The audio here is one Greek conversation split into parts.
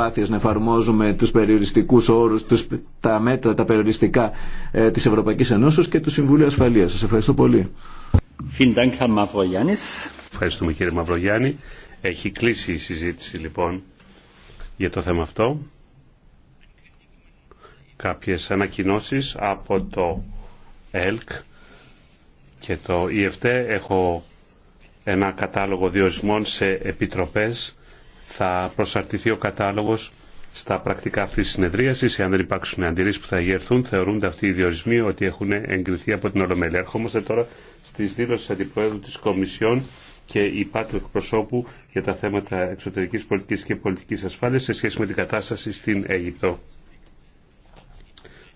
προσπάθειες να εφαρμόζουμε τους περιοριστικούς όρους, τους, τα μέτρα, τα περιοριστικά ε, της Ευρωπαϊκής Ενώσεως και του Συμβουλίου Ασφαλείας. Σας ευχαριστώ πολύ. Ευχαριστούμε κύριε Μαυρογιάννη. Έχει κλείσει η συζήτηση λοιπόν για το θέμα αυτό. Κάποιες ανακοινώσεις από το ΕΛΚ και το ΙΕΦΤΕ έχω ένα κατάλογο διορισμών σε επιτροπές θα προσαρτηθεί ο κατάλογος στα πρακτικά αυτής της συνεδρίασης. Εάν δεν υπάρξουν αντιρρήσεις που θα γερθούν, θεωρούνται αυτοί οι διορισμοί ότι έχουν εγκριθεί από την Ολομέλεια. Ερχόμαστε τώρα στις δήλωσεις αντιπροέδρου της Κομισιόν και υπά του εκπροσώπου για τα θέματα εξωτερικής πολιτικής και πολιτικής ασφάλειας σε σχέση με την κατάσταση στην Αίγυπτο.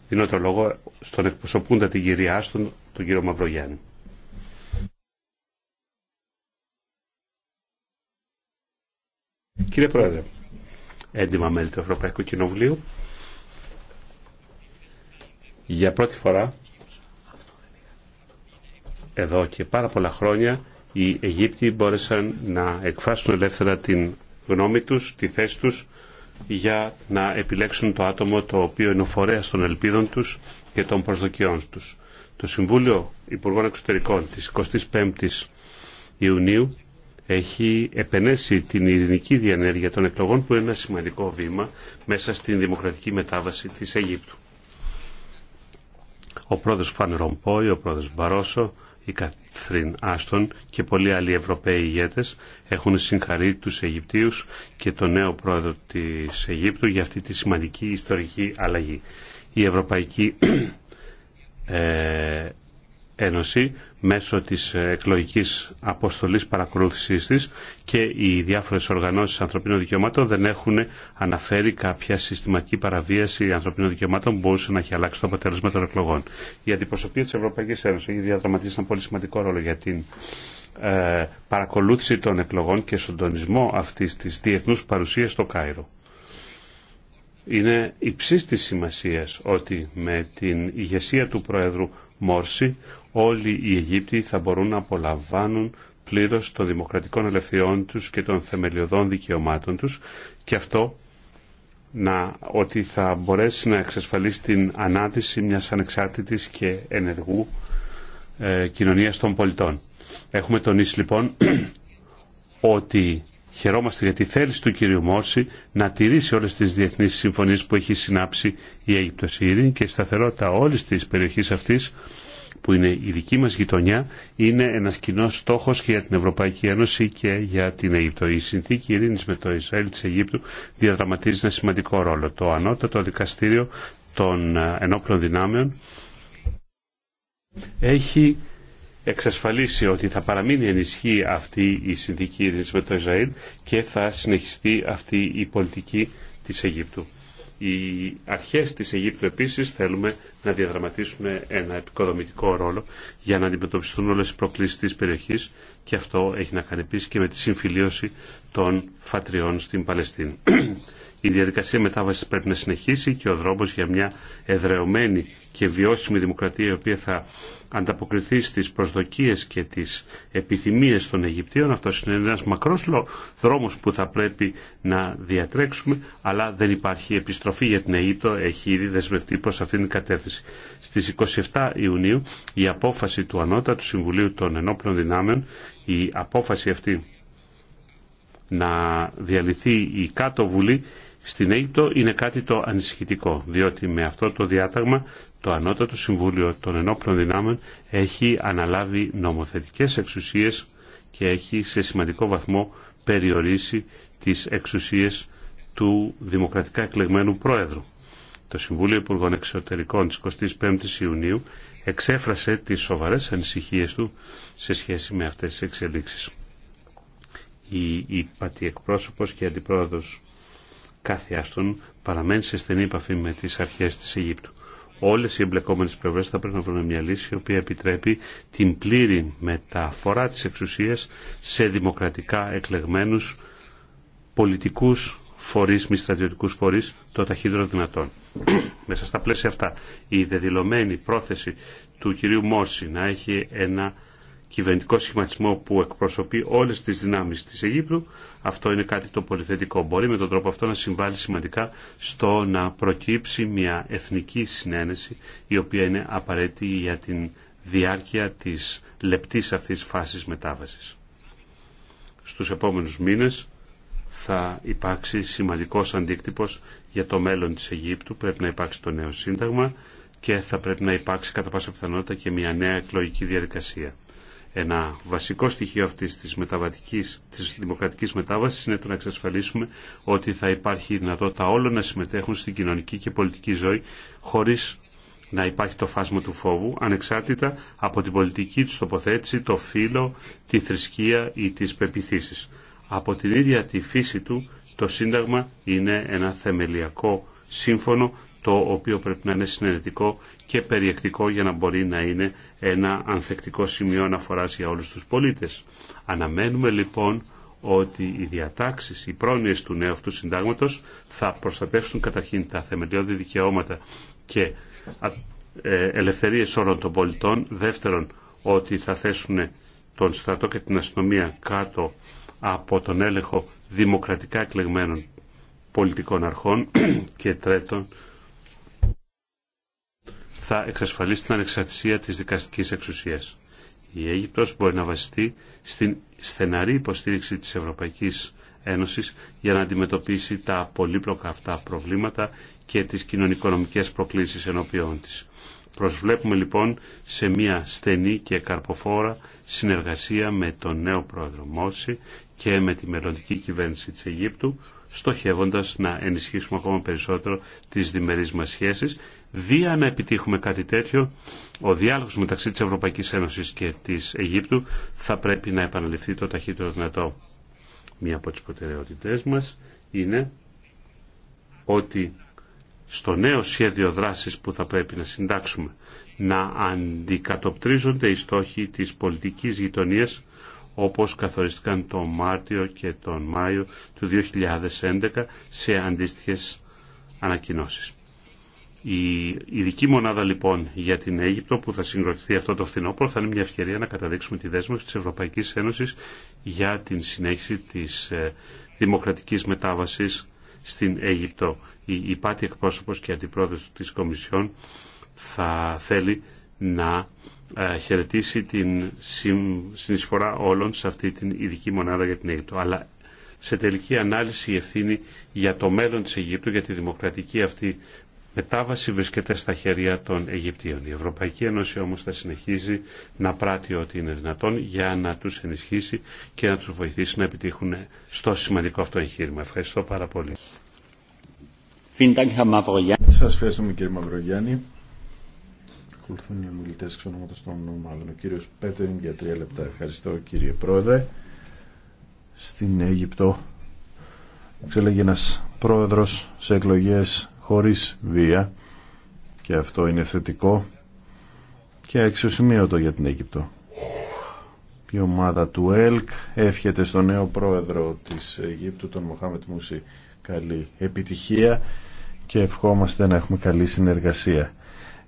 Δίνω το λόγο στον εκπροσωπούντα την κυρία Άστον, τον κύριο Μαυρογιάννη. Κύριε Πρόεδρε, έντιμα μέλη του Ευρωπαϊκού Κοινοβουλίου, για πρώτη φορά εδώ και πάρα πολλά χρόνια οι Αιγύπτιοι μπόρεσαν να εκφράσουν ελεύθερα την γνώμη τους, τη θέση τους για να επιλέξουν το άτομο το οποίο είναι ο φορέας των ελπίδων τους και των προσδοκιών τους. Το Συμβούλιο Υπουργών Εξωτερικών της 25ης Ιουνίου έχει επενέσει την ειρηνική διανέργεια των εκλογών που είναι ένα σημαντικό βήμα μέσα στην δημοκρατική μετάβαση της Αιγύπτου. Ο πρόεδρος Φαν Ρομπόι, ο πρόεδρος Μπαρόσο, η Καθρίν Άστον και πολλοί άλλοι Ευρωπαίοι ηγέτες έχουν συγχαρεί τους Αιγυπτίους και τον νέο πρόεδρο της Αιγύπτου για αυτή τη σημαντική ιστορική αλλαγή. Η Ευρωπαϊκή ε, Ένωση μέσω της ε, εκλογικής αποστολής παρακολούθησής της και οι διάφορες οργανώσεις ανθρωπίνων δικαιωμάτων δεν έχουν αναφέρει κάποια συστηματική παραβίαση ανθρωπίνων δικαιωμάτων που μπορούσε να έχει αλλάξει το αποτέλεσμα των εκλογών. Η αντιπροσωπεία της Ευρωπαϊκής Ένωσης έχει διαδραματίσει ένα πολύ σημαντικό ρόλο για την ε, παρακολούθηση των εκλογών και συντονισμό αυτής της διεθνούς παρουσίας στο Κάιρο. Είναι υψής της σημασίας ότι με την ηγεσία του Πρόεδρου Μόρση όλοι οι Αιγύπτιοι θα μπορούν να απολαμβάνουν πλήρως των δημοκρατικών ελευθεριών τους και των θεμελιωδών δικαιωμάτων τους και αυτό να, ότι θα μπορέσει να εξασφαλίσει την ανάτηση μιας ανεξάρτητης και ενεργού ε, κοινωνίας των πολιτών. Έχουμε τονίσει λοιπόν ότι χαιρόμαστε για τη θέληση του κυρίου Μόρση να τηρήσει όλες τις διεθνείς συμφωνίες που έχει συνάψει η Αίγυπτος. και η σταθερότητα όλης της περιοχής αυτής που είναι η δική μας γειτονιά είναι ένας κοινό στόχος και για την Ευρωπαϊκή Ένωση και για την Αίγυπτο. Η συνθήκη ειρήνης με το Ισραήλ της Αιγύπτου διαδραματίζει ένα σημαντικό ρόλο. Το ανώτατο δικαστήριο των ε, ενόπλων δυνάμεων έχει εξασφαλίσει ότι θα παραμείνει ενισχύ αυτή η συνθήκη ειρήνης με το Ισραήλ και θα συνεχιστεί αυτή η πολιτική της Αιγύπτου. Οι αρχές της Αιγύπτου επίσης θέλουμε να διαδραματίσουν ένα επικοδομητικό ρόλο για να αντιμετωπιστούν όλες οι προκλήσεις της περιοχής και αυτό έχει να κάνει επίσης και με τη συμφιλίωση των φατριών στην Παλαιστίνη. Η διαδικασία μετάβαση πρέπει να συνεχίσει και ο δρόμο για μια εδρεωμένη και βιώσιμη δημοκρατία η οποία θα ανταποκριθεί στις προσδοκίε και τι επιθυμίε των Αιγυπτίων. Αυτό είναι ένα μακρό δρόμο που θα πρέπει να διατρέξουμε, αλλά δεν υπάρχει επιστροφή για την Αίγυπτο, έχει ήδη δεσμευτεί προ αυτήν την κατεύθυνση. Στι 27 Ιουνίου η απόφαση του Ανώτατου Συμβουλίου των Ενόπλων Δυνάμεων, η απόφαση αυτή να διαλυθεί η κάτω βουλή στην Αίγυπτο είναι κάτι το ανησυχητικό, διότι με αυτό το διάταγμα το Ανώτατο Συμβούλιο των Ενόπλων Δυνάμεων έχει αναλάβει νομοθετικές εξουσίες και έχει σε σημαντικό βαθμό περιορίσει τις εξουσίες του δημοκρατικά εκλεγμένου Πρόεδρου. Το Συμβούλιο Υπουργών Εξωτερικών της 25ης Ιουνίου εξέφρασε τις σοβαρές ανησυχίες του σε σχέση με αυτές τις εξελίξεις. Η, και αντιπρόεδρος κάθε άστον παραμένει σε στενή επαφή με τι αρχέ τη Αιγύπτου. Όλε οι εμπλεκόμενε πλευρέ θα πρέπει να βρουν μια λύση η οποία επιτρέπει την πλήρη μεταφορά τη εξουσία σε δημοκρατικά εκλεγμένου πολιτικού φορεί, μη στρατιωτικού φορείς, το ταχύτερο δυνατόν. Μέσα στα πλαίσια αυτά, η δεδηλωμένη πρόθεση του κυρίου Μόρση να έχει ένα κυβερνητικό σχηματισμό που εκπροσωπεί όλες τις δυνάμεις της Αιγύπτου, αυτό είναι κάτι το πολυθετικό. Μπορεί με τον τρόπο αυτό να συμβάλλει σημαντικά στο να προκύψει μια εθνική συνένεση η οποία είναι απαραίτητη για την διάρκεια της λεπτής αυτής φάσης μετάβασης. Στους επόμενους μήνες θα υπάρξει σημαντικός αντίκτυπος για το μέλλον της Αιγύπτου, πρέπει να υπάρξει το νέο σύνταγμα και θα πρέπει να υπάρξει κατά πάσα πιθανότητα και μια νέα εκλογική διαδικασία. Ένα βασικό στοιχείο αυτής της, μεταβατικής, της δημοκρατικής μετάβασης είναι το να εξασφαλίσουμε ότι θα υπάρχει δυνατότητα όλων να συμμετέχουν στην κοινωνική και πολιτική ζωή χωρίς να υπάρχει το φάσμα του φόβου, ανεξάρτητα από την πολιτική του τοποθέτηση, το φύλλο, τη θρησκεία ή τις πεπιθήσεις. Από την ίδια τη φύση του, το Σύνταγμα είναι ένα θεμελιακό σύμφωνο, το οποίο πρέπει να είναι συνενετικό και περιεκτικό για να μπορεί να είναι ένα ανθεκτικό σημείο αναφοράς για όλους τους πολίτες. Αναμένουμε λοιπόν ότι οι διατάξεις, οι πρόνοιες του νέου αυτού συντάγματος θα προστατεύσουν καταρχήν τα θεμελιώδη δικαιώματα και ε, ελευθερίες όλων των πολιτών. Δεύτερον, ότι θα θέσουν τον στρατό και την αστυνομία κάτω από τον έλεγχο δημοκρατικά εκλεγμένων πολιτικών αρχών και τρέτον θα εξασφαλίσει την ανεξαρτησία της δικαστικής εξουσίας. Η Αίγυπτος μπορεί να βασιστεί στην στεναρή υποστήριξη της Ευρωπαϊκής Ένωσης για να αντιμετωπίσει τα πολύπλοκα αυτά προβλήματα και τις κοινωνικονομικές προκλήσεις ενώπιών της. Προσβλέπουμε λοιπόν σε μια στενή και καρποφόρα συνεργασία με τον νέο πρόεδρο Μόση και με τη μελλοντική κυβέρνηση της Αιγύπτου, στοχεύοντας να ενισχύσουμε ακόμα περισσότερο τις διμερείς μας σχέσεις Δία να επιτύχουμε κάτι τέτοιο, ο διάλογος μεταξύ της Ευρωπαϊκής Ένωσης και της Αιγύπτου θα πρέπει να επαναληφθεί το ταχύτερο δυνατό. Μία από τις προτεραιότητές μας είναι ότι στο νέο σχέδιο δράσης που θα πρέπει να συντάξουμε να αντικατοπτρίζονται οι στόχοι της πολιτικής γειτονίας όπως καθοριστήκαν τον Μάρτιο και τον Μάιο του 2011 σε αντίστοιχες ανακοινώσεις. Η ειδική μονάδα λοιπόν για την Αίγυπτο που θα συγκροτηθεί αυτό το φθινόπωρο θα είναι μια ευκαιρία να καταδείξουμε τη δέσμευση της Ευρωπαϊκής Ένωσης για την συνέχιση της ε, δημοκρατικής μετάβασης στην Αίγυπτο. Η πάτη εκπρόσωπος και αντιπρόεδρος της Κομισιόν θα θέλει να ε, χαιρετήσει την συνεισφορά όλων σε αυτή την ειδική μονάδα για την Αίγυπτο. Αλλά σε τελική ανάλυση η ευθύνη για το μέλλον της Αιγύπτου, για τη δημοκρατική αυτή μετάβαση βρίσκεται στα χέρια των Αιγυπτίων. Η Ευρωπαϊκή Ένωση όμως θα συνεχίζει να πράττει ό,τι είναι δυνατόν για να τους ενισχύσει και να τους βοηθήσει να επιτύχουν στο σημαντικό αυτό εγχείρημα. Ευχαριστώ πάρα πολύ. Σας ευχαριστούμε κύριε Μαυρογιάννη. Ακολουθούν οι ομιλητέ εξ των ομάδων. Ο κύριο Πέτριν για τρία λεπτά. Ευχαριστώ κύριε Πρόεδρε. Στην Αίγυπτο εξέλεγε ένα πρόεδρο σε εκλογέ χωρίς βία και αυτό είναι θετικό και αξιοσημείωτο για την Αίγυπτο. Η ομάδα του ΕΛΚ εύχεται στον νέο πρόεδρο της Αιγύπτου, τον Μοχάμετ Μούση, καλή επιτυχία και ευχόμαστε να έχουμε καλή συνεργασία.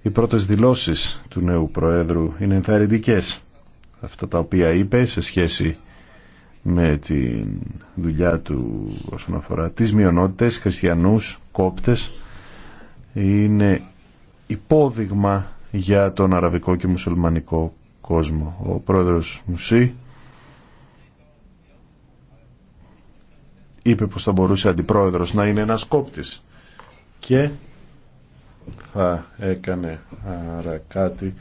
Οι πρώτες δηλώσεις του νέου Προέδρου είναι ενθαρρυντικές. Αυτά τα οποία είπε σε σχέση με τη δουλειά του όσον αφορά τις μειονότητες, χριστιανούς, κόπτες είναι υπόδειγμα για τον αραβικό και μουσουλμανικό κόσμο. Ο πρόεδρος Μουσή είπε πως θα μπορούσε αντιπρόεδρος να είναι ένας κόπτης και θα έκανε άρα κάτι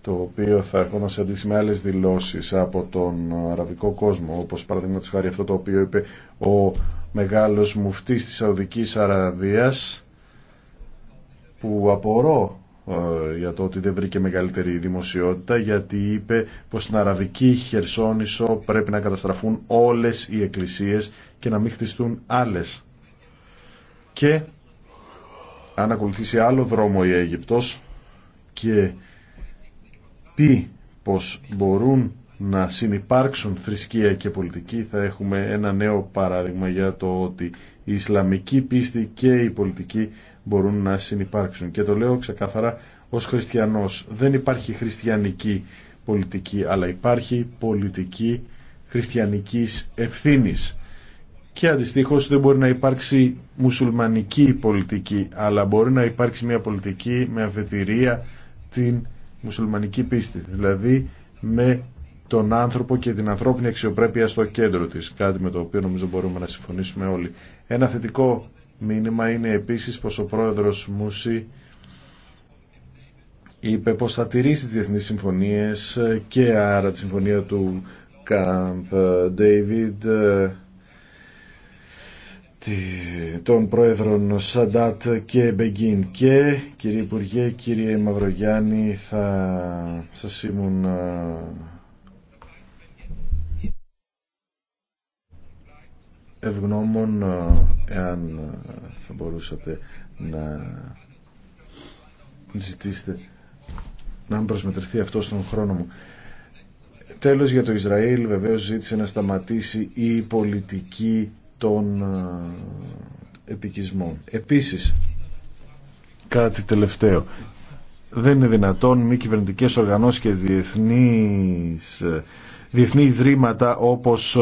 το οποίο θα έρχονταν σε με άλλες δηλώσεις από τον αραβικό κόσμο, όπως παραδείγματος χάρη αυτό το οποίο είπε ο μεγάλος μουφτής της Σαουδικής Αραβίας, που απορώ ε, για το ότι δεν βρήκε μεγαλύτερη δημοσιότητα γιατί είπε πως στην Αραβική Χερσόνησο πρέπει να καταστραφούν όλες οι εκκλησίες και να μην χτιστούν άλλες. Και αν ακολουθήσει άλλο δρόμο η Αίγυπτος και πει πως μπορούν να συνεπάρξουν θρησκεία και πολιτική θα έχουμε ένα νέο παράδειγμα για το ότι η Ισλαμική πίστη και η πολιτική μπορούν να συνεπάρξουν. Και το λέω ξεκάθαρα ως χριστιανός. Δεν υπάρχει χριστιανική πολιτική, αλλά υπάρχει πολιτική χριστιανικής ευθύνης. Και αντιστοίχως δεν μπορεί να υπάρξει μουσουλμανική πολιτική, αλλά μπορεί να υπάρξει μια πολιτική με αφετηρία την μουσουλμανική πίστη. Δηλαδή με τον άνθρωπο και την ανθρώπινη αξιοπρέπεια στο κέντρο της, κάτι με το οποίο νομίζω μπορούμε να συμφωνήσουμε όλοι. Ένα θετικό μήνυμα είναι επίσης πως ο πρόεδρος Μούση είπε πως θα τηρήσει τις διεθνείς συμφωνίες και άρα τη συμφωνία του Καμπ Ντέιβιντ ε, των πρόεδρων Σαντάτ και Μπεγκίν και κύριε Υπουργέ, κύριε Μαυρογιάννη θα σας ήμουν ε, ευγνώμων ε, εάν ε, θα μπορούσατε να ζητήσετε να μην προσμετρηθεί αυτό στον χρόνο μου. Τέλος για το Ισραήλ βεβαίως ζήτησε να σταματήσει η πολιτική των ε, επικισμών. Επίσης, κάτι τελευταίο. Δεν είναι δυνατόν μη κυβερνητικέ οργανώσεις και διεθνείς, ε, διεθνή ιδρύματα όπως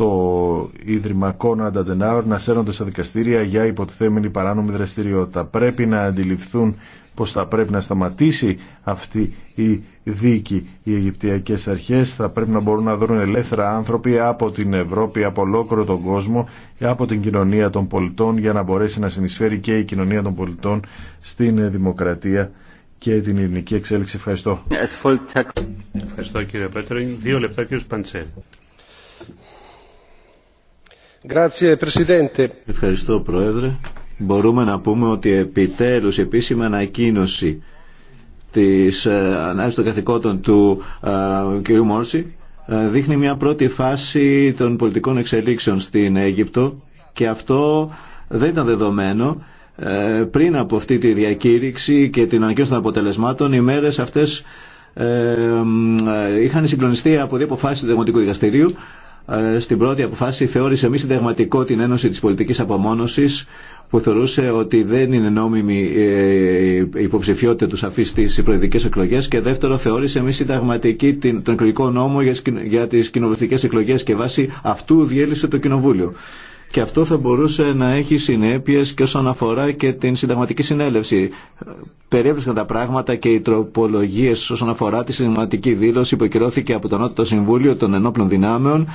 το Ίδρυμα Κόναντ Αντενάουρ να σέρνονται στα δικαστήρια για υποτιθέμενη παράνομη δραστηριότητα. Πρέπει να αντιληφθούν πως θα πρέπει να σταματήσει αυτή η δίκη. Οι Αιγυπτιακές αρχές θα πρέπει να μπορούν να δουν ελεύθερα άνθρωποι από την Ευρώπη, από ολόκληρο τον κόσμο, από την κοινωνία των πολιτών για να μπορέσει να συνεισφέρει και η κοινωνία των πολιτών στην δημοκρατία και την ελληνική εξέλιξη. Ευχαριστώ. Ευχαριστώ Ευχαριστώ Πρόεδρε. Μπορούμε να πούμε ότι επιτέλους η επίσημη ανακοίνωση της ε, ανάγκης των καθηκόντων του ε, κ. Μόρση ε, δείχνει μια πρώτη φάση των πολιτικών εξελίξεων στην Αίγυπτο και αυτό δεν ήταν δεδομένο πριν από αυτή τη διακήρυξη και την ανακοίνωση των αποτελεσμάτων οι μέρες αυτές είχαν συγκλονιστεί από δύο αποφάσεις του Δημοτικού Δικαστηρίου ε, στην πρώτη αποφάση θεώρησε μη συνταγματικό την Ένωση της Πολιτικής Απομόνωσης που θεωρούσε ότι δεν είναι νόμιμη ε, η υποψηφιότητα του σαφή στι προεδρικέ εκλογέ και δεύτερο θεώρησε μη συνταγματική τον εκλογικό νόμο για τι κοινοβουλευτικέ εκλογέ και βάσει αυτού διέλυσε το Κοινοβούλιο. Και αυτό θα μπορούσε να έχει συνέπειε και όσον αφορά και την συνταγματική συνέλευση. Περιέβρισκαν τα πράγματα και οι τροπολογίες όσον αφορά τη συνταγματική δήλωση που ακυρώθηκε από το Νότιο Συμβούλιο των Ενόπλων Δυνάμεων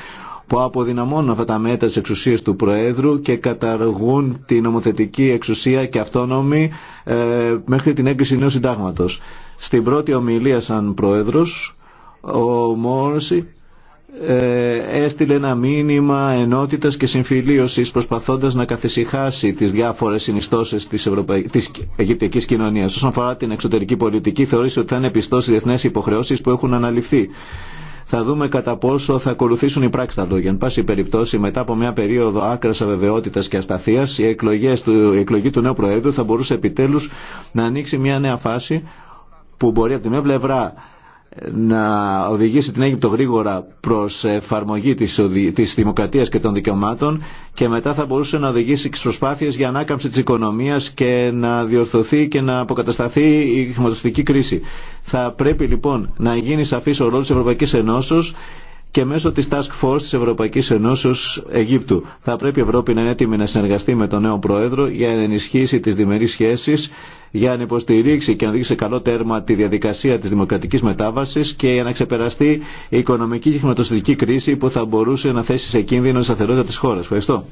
που αποδυναμώνουν αυτά τα μέτρα της εξουσίας του Προέδρου και καταργούν την νομοθετική εξουσία και αυτόνομη ε, μέχρι την έγκριση νέου συντάγματος. Στην πρώτη ομιλία σαν Πρόεδρος, ο Μόρση ε, έστειλε ένα μήνυμα ενότητας και συμφιλίωσης προσπαθώντας να καθησυχάσει τις διάφορες συνιστώσεις της, Ευρωπαϊ... της Αιγυπτιακής κοινωνίας. Όσον αφορά την εξωτερική πολιτική θεωρήσε ότι θα είναι πιστός στις διεθνές υποχρεώσεις που έχουν αναλυφθεί. Θα δούμε κατά πόσο θα ακολουθήσουν οι πράξεις τα λόγια. Εν πάση περιπτώσει, μετά από μια περίοδο άκρα αβεβαιότητα και ασταθία, η, η εκλογή του νέου Προέδρου θα μπορούσε επιτέλου να ανοίξει μια νέα φάση που μπορεί από τη μια πλευρά να οδηγήσει την Αίγυπτο γρήγορα προς εφαρμογή της, της δημοκρατίας και των δικαιωμάτων και μετά θα μπορούσε να οδηγήσει τις προσπάθειες για ανάκαμψη της οικονομίας και να διορθωθεί και να αποκατασταθεί η χρηματοσυντική κρίση. Θα πρέπει λοιπόν να γίνει σαφής ο ρόλος της Ευρωπαϊκής Ενώσεως και μέσω της Task Force της Ευρωπαϊκής Ενώσεως Αιγύπτου. Θα πρέπει η Ευρώπη να είναι έτοιμη να συνεργαστεί με τον νέο Πρόεδρο για να ενισχύσει τις διμερείς σχέσεις, για να υποστηρίξει και να δείξει σε καλό τέρμα τη διαδικασία της δημοκρατικής μετάβασης και για να ξεπεραστεί η οικονομική και χρηματοστηρική κρίση που θα μπορούσε να θέσει σε κίνδυνο η σταθερότητα της χώρας. Ευχαριστώ.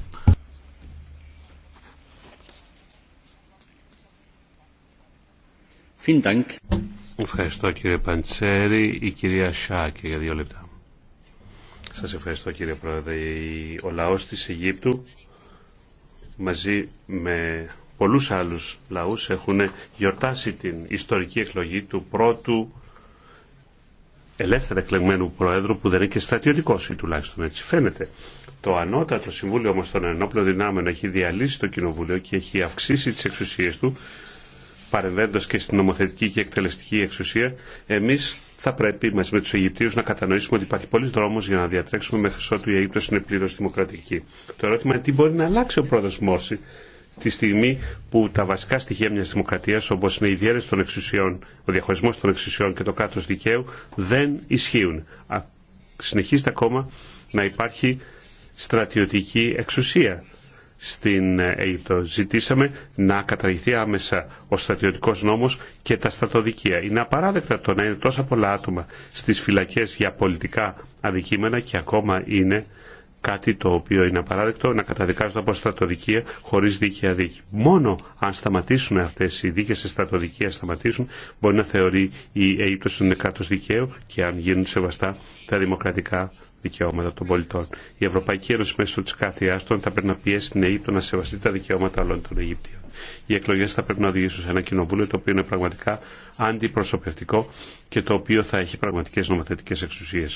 Ευχαριστώ κύριε Παντσέρη. Η κυρία Σάκη για δύο λεπτά. Σας ευχαριστώ κύριε Πρόεδρε. Ο λαός της Αιγύπτου μαζί με πολλούς άλλους λαούς έχουν γιορτάσει την ιστορική εκλογή του πρώτου ελεύθερα εκλεγμένου Προέδρου που δεν είναι και στρατιωτικό ή τουλάχιστον έτσι φαίνεται. Το ανώτατο Συμβούλιο όμως των Ενόπλων Δυνάμεων έχει διαλύσει το Κοινοβούλιο και έχει αυξήσει τις εξουσίες του παρεμβαίνοντας και στην νομοθετική και εκτελεστική εξουσία. Εμείς θα πρέπει μαζί με του Αιγυπτίου να κατανοήσουμε ότι υπάρχει πολλή δρόμο για να διατρέξουμε μέχρι ότου η Αίγυπτο είναι πλήρω δημοκρατική. Το ερώτημα είναι τι μπορεί να αλλάξει ο πρόεδρο Μόρση τη στιγμή που τα βασικά στοιχεία μια δημοκρατία, όπω είναι η διαίρεση των εξουσιών, ο διαχωρισμό των εξουσιών και το κράτο δικαίου, δεν ισχύουν. Συνεχίζεται ακόμα να υπάρχει στρατιωτική εξουσία στην Αίγυπτο. Ζητήσαμε να καταργηθεί άμεσα ο στρατιωτικό νόμο και τα στρατοδικεία. Είναι απαράδεκτα το να είναι τόσα πολλά άτομα στι φυλακέ για πολιτικά αδικήμενα και ακόμα είναι κάτι το οποίο είναι απαράδεκτο να καταδικάζονται από στρατοδικεία χωρί δίκαια δίκη. Μόνο αν σταματήσουν αυτέ οι δίκε σε στρατοδικεία, σταματήσουν, μπορεί να θεωρεί η Αίγυπτο ότι είναι κράτο δικαίου και αν γίνουν σεβαστά τα δημοκρατικά δικαιώματα των πολιτών. Η Ευρωπαϊκή Ένωση μέσω τη κάθε άστον θα πρέπει να πιέσει την Αίγυπτο να σεβαστεί τα δικαιώματα όλων των Αιγύπτιων. Οι εκλογέ θα πρέπει να οδηγήσουν σε ένα κοινοβούλιο το οποίο είναι πραγματικά αντιπροσωπευτικό και το οποίο θα έχει πραγματικέ νομοθετικέ εξουσίε.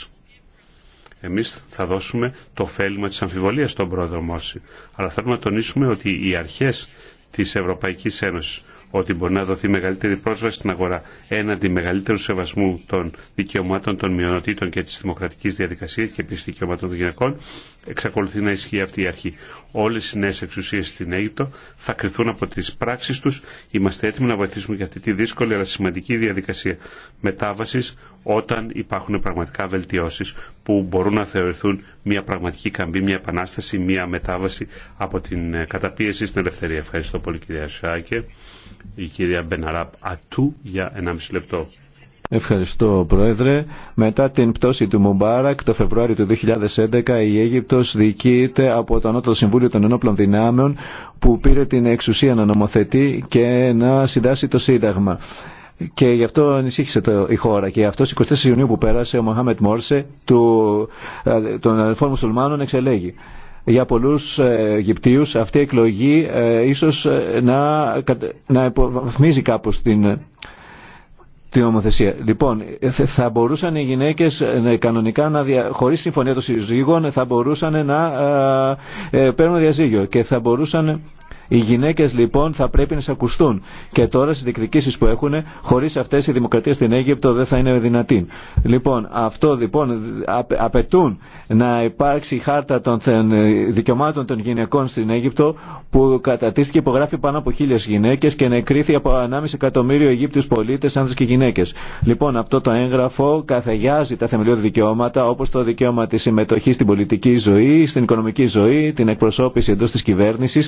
Εμεί θα δώσουμε το ωφέλιμα τη αμφιβολία στον πρόεδρο Μόρση. Αλλά θέλουμε να τονίσουμε ότι οι αρχέ τη Ευρωπαϊκή Ένωση ότι μπορεί να δοθεί μεγαλύτερη πρόσβαση στην αγορά έναντι μεγαλύτερου σεβασμού των δικαιωμάτων των μειονοτήτων και τη δημοκρατική διαδικασία και επίση δικαιωμάτων των γυναικών, εξακολουθεί να ισχύει αυτή η αρχή. Όλε οι νέε εξουσίε στην Αίγυπτο θα κρυθούν από τι πράξει του. Είμαστε έτοιμοι να βοηθήσουμε για αυτή τη δύσκολη αλλά σημαντική διαδικασία μετάβαση όταν υπάρχουν πραγματικά βελτιώσει που μπορούν να θεωρηθούν μια πραγματική καμπή, μια επανάσταση, μια μετάβαση από την ε, καταπίεση στην ελευθερία. Ευχαριστώ πολύ κυρία Σάκε η κυρία Μπεναράπ Ατού για 1,5 λεπτό. Ευχαριστώ Πρόεδρε. Μετά την πτώση του Μουμπάρακ το Φεβρουάριο του 2011 η Αίγυπτος διοικείται από το Ανώτατο Συμβούλιο των Ενόπλων Δυνάμεων που πήρε την εξουσία να νομοθετεί και να συντάσει το Σύνταγμα. Και γι' αυτό ανησύχησε το, η χώρα. Και αυτό 24 Ιουνίου που πέρασε ο Μοχάμετ Μόρσε, του, των αδελφών μουσουλμάνων, εξελέγει για πολλούς ε, Αιγυπτίους αυτή η εκλογή ε, ίσως ε, να, να υποβαθμίζει κάπως την, την ομοθεσία. Λοιπόν, θα μπορούσαν οι γυναίκες ναι, κανονικά να δια... χωρίς συμφωνία των συζύγων θα μπορούσαν να παίρνουν διαζύγιο και θα μπορούσαν οι γυναίκε λοιπόν θα πρέπει να ακουστούν Και τώρα στι διεκδικήσει που έχουν, χωρί αυτέ η δημοκρατία στην Αίγυπτο δεν θα είναι δυνατή. Λοιπόν, αυτό λοιπόν απαιτούν να υπάρξει η χάρτα των ε, δικαιωμάτων των γυναικών στην Αίγυπτο που κατατίστηκε υπογράφει πάνω από χίλιε γυναίκε και νεκρήθη από 1,5 εκατομμύριο Αιγύπτιου πολίτε, άνδρε και γυναίκε. Λοιπόν, αυτό το έγγραφο καθεγιάζει τα θεμελιώδη δικαιώματα όπω το δικαίωμα τη συμμετοχή στην πολιτική ζωή, στην οικονομική ζωή, την εκπροσώπηση εντό τη κυβέρνηση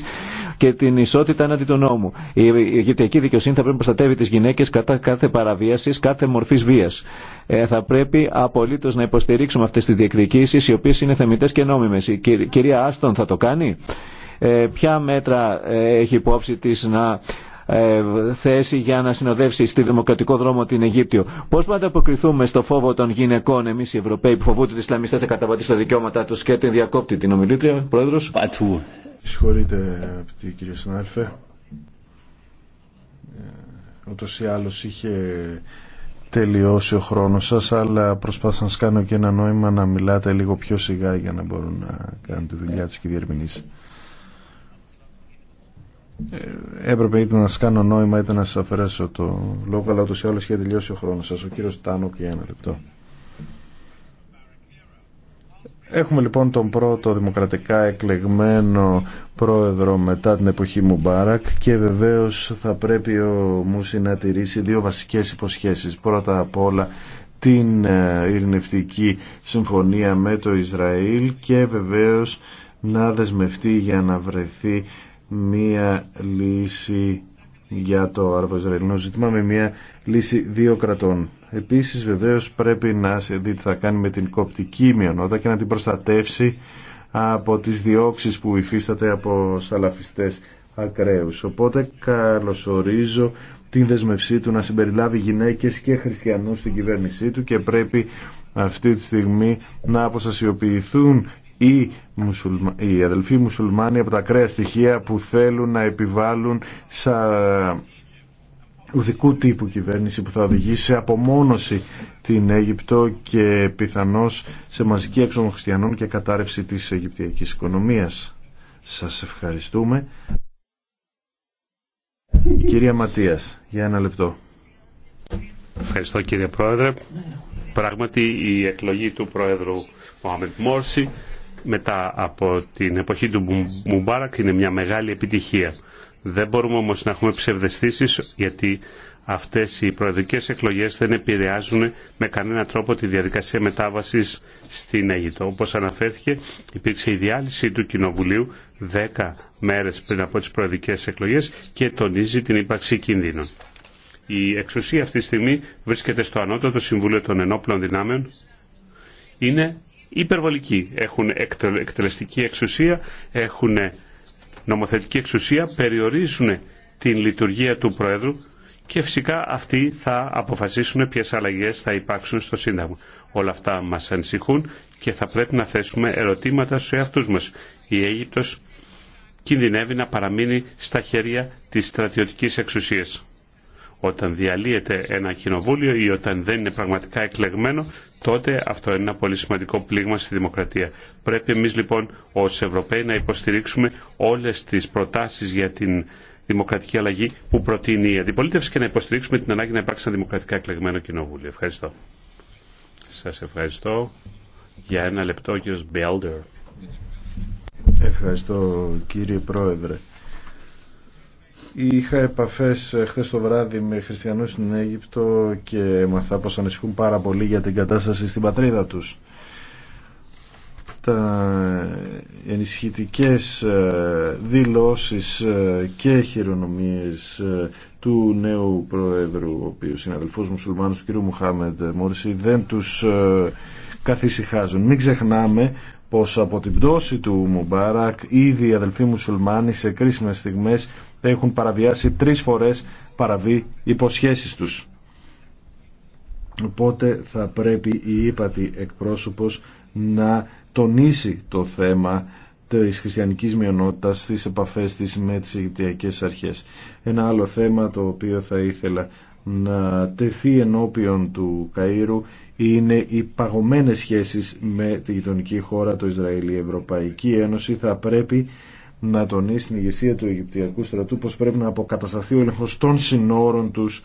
και την ισότητα αντι του νόμου. Η Αιγυπτιακή δικαιοσύνη θα πρέπει να προστατεύει τι γυναίκε κατά κάθε παραβίαση, κάθε μορφή βία. Ε, θα πρέπει απολύτω να υποστηρίξουμε αυτέ τι διεκδικήσει, οι οποίε είναι θεμητέ και νόμιμε. Η κυρία Άστον θα το κάνει. Ε, ποια μέτρα ε, έχει υπόψη τη να ε, θέση για να συνοδεύσει στη δημοκρατικό δρόμο την Αιγύπτιο. Πώ πάντα αποκριθούμε στο φόβο των γυναικών εμεί οι Ευρωπαίοι που φοβούνται ότι οι Ισλαμιστέ θα καταβατήσουν τα δικαιώματά του και την διακόπτη την ομιλήτρια, Πρόεδρο. Πατού. Συγχωρείτε, κύριε συνάδελφε. Ε, Ούτω ή άλλω είχε τελειώσει ο χρόνος σας αλλά προσπάθησα να σας κάνω και ένα νόημα να μιλάτε λίγο πιο σιγά για να μπορούν να κάνουν τη δουλειά τους και οι ε, έπρεπε είτε να σα κάνω νόημα είτε να σας αφαιρέσω το λόγο αλλά ούτω ή άλλω είχε τελειώσει ο χρόνο. σας ο κύριο Τάνοκ για ένα λεπτό Έχουμε λοιπόν τον πρώτο δημοκρατικά εκλεγμένο πρόεδρο μετά την εποχή Μπάρακ και βεβαίως θα πρέπει ο Μούση να τηρήσει δύο βασικές υποσχέσεις. Πρώτα απ' όλα την ε, ειρηνευτική συμφωνία με το Ισραήλ και βεβαίως να δεσμευτεί για να βρεθεί μία λύση για το άραβο-ισραηλινό ζήτημα με μία λύση δύο κρατών. Επίσης βεβαίως πρέπει να σε δει τι θα κάνει με την κοπτική μειονότητα και να την προστατεύσει από τις διώξεις που υφίσταται από σαλαφιστές ακραίους. Οπότε καλωσορίζω την δεσμευσή του να συμπεριλάβει γυναίκες και χριστιανούς στην κυβέρνησή του και πρέπει αυτή τη στιγμή να αποστασιοποιηθούν η οι αδελφοί μουσουλμάνοι από τα ακραία στοιχεία που θέλουν να επιβάλλουν σε ουδικού τύπου κυβέρνηση που θα οδηγήσει σε απομόνωση την Αίγυπτο και πιθανώς σε μαζική έξοδο χριστιανών και κατάρρευση της Αιγυπτιακής οικονομίας. Σας ευχαριστούμε. κυρία Ματίας, για ένα λεπτό. Ευχαριστώ κύριε Πρόεδρε. Πράγματι η εκλογή του Πρόεδρου Μωάμεντ Μόρση μετά από την εποχή του Μουμπάρακ είναι μια μεγάλη επιτυχία. Δεν μπορούμε όμως να έχουμε ψευδεστήσεις γιατί αυτές οι προεδρικές εκλογές δεν επηρεάζουν με κανένα τρόπο τη διαδικασία μετάβασης στην Αίγυπτο. Όπως αναφέρθηκε υπήρξε η διάλυση του Κοινοβουλίου 10 μέρες πριν από τις προεδρικές εκλογές και τονίζει την ύπαρξη κινδύνων. Η εξουσία αυτή τη στιγμή βρίσκεται στο ανώτατο Συμβούλιο των Ενόπλων Δυνάμεων. Είναι Υπερβολικοί Έχουν εκτελεστική εξουσία, έχουν νομοθετική εξουσία, περιορίζουν την λειτουργία του Πρόεδρου και φυσικά αυτοί θα αποφασίσουν ποιε αλλαγέ θα υπάρξουν στο Σύνταγμα. Όλα αυτά μα ανησυχούν και θα πρέπει να θέσουμε ερωτήματα στου εαυτού μα. Η Αίγυπτος κινδυνεύει να παραμείνει στα χέρια της στρατιωτικής εξουσίας. Όταν διαλύεται ένα κοινοβούλιο ή όταν δεν είναι πραγματικά εκλεγμένο, τότε αυτό είναι ένα πολύ σημαντικό πλήγμα στη δημοκρατία. Πρέπει εμείς λοιπόν ως Ευρωπαίοι να υποστηρίξουμε όλες τις προτάσεις για την δημοκρατική αλλαγή που προτείνει η αντιπολίτευση και να υποστηρίξουμε την ανάγκη να υπάρξει ένα δημοκρατικά εκλεγμένο κοινοβούλιο. Ευχαριστώ. Σας ευχαριστώ. Για ένα λεπτό, κύριος Μπέλντερ. Ευχαριστώ, κύριε Πρόεδρε. Είχα επαφές ε, χθε το βράδυ με χριστιανούς στην Αίγυπτο και μάθα πως ανησυχούν πάρα πολύ για την κατάσταση στην πατρίδα του. Τα ε, ενισχυτικέ ε, δηλώσει και χειρονομίε του νέου πρόεδρου, ο οποίος είναι αδελφός μουσουλμάνος του κ. Μουχάμεντ Μόρση, δεν τους καθησυχάζουν. Μην ξεχνάμε πως από την πτώση του Μουμπάρακ ήδη οι αδελφοί μουσουλμάνοι σε κρίσιμες στιγμές έχουν παραβιάσει τρεις φορές παραβεί υποσχέσεις τους. Οπότε θα πρέπει η ύπατη εκπρόσωπος να τονίσει το θέμα της χριστιανικής μειονότητας στις επαφές της με τις Αιγυπτιακές αρχές. Ένα άλλο θέμα το οποίο θα ήθελα να τεθεί ενώπιον του Καΐρου είναι οι παγωμένες σχέσεις με τη γειτονική χώρα, το Ισραήλ, η Ευρωπαϊκή Ένωση θα πρέπει να τονίσει την ηγεσία του Αιγυπτιακού στρατού πως πρέπει να αποκατασταθεί ο έλεγχος των συνόρων τους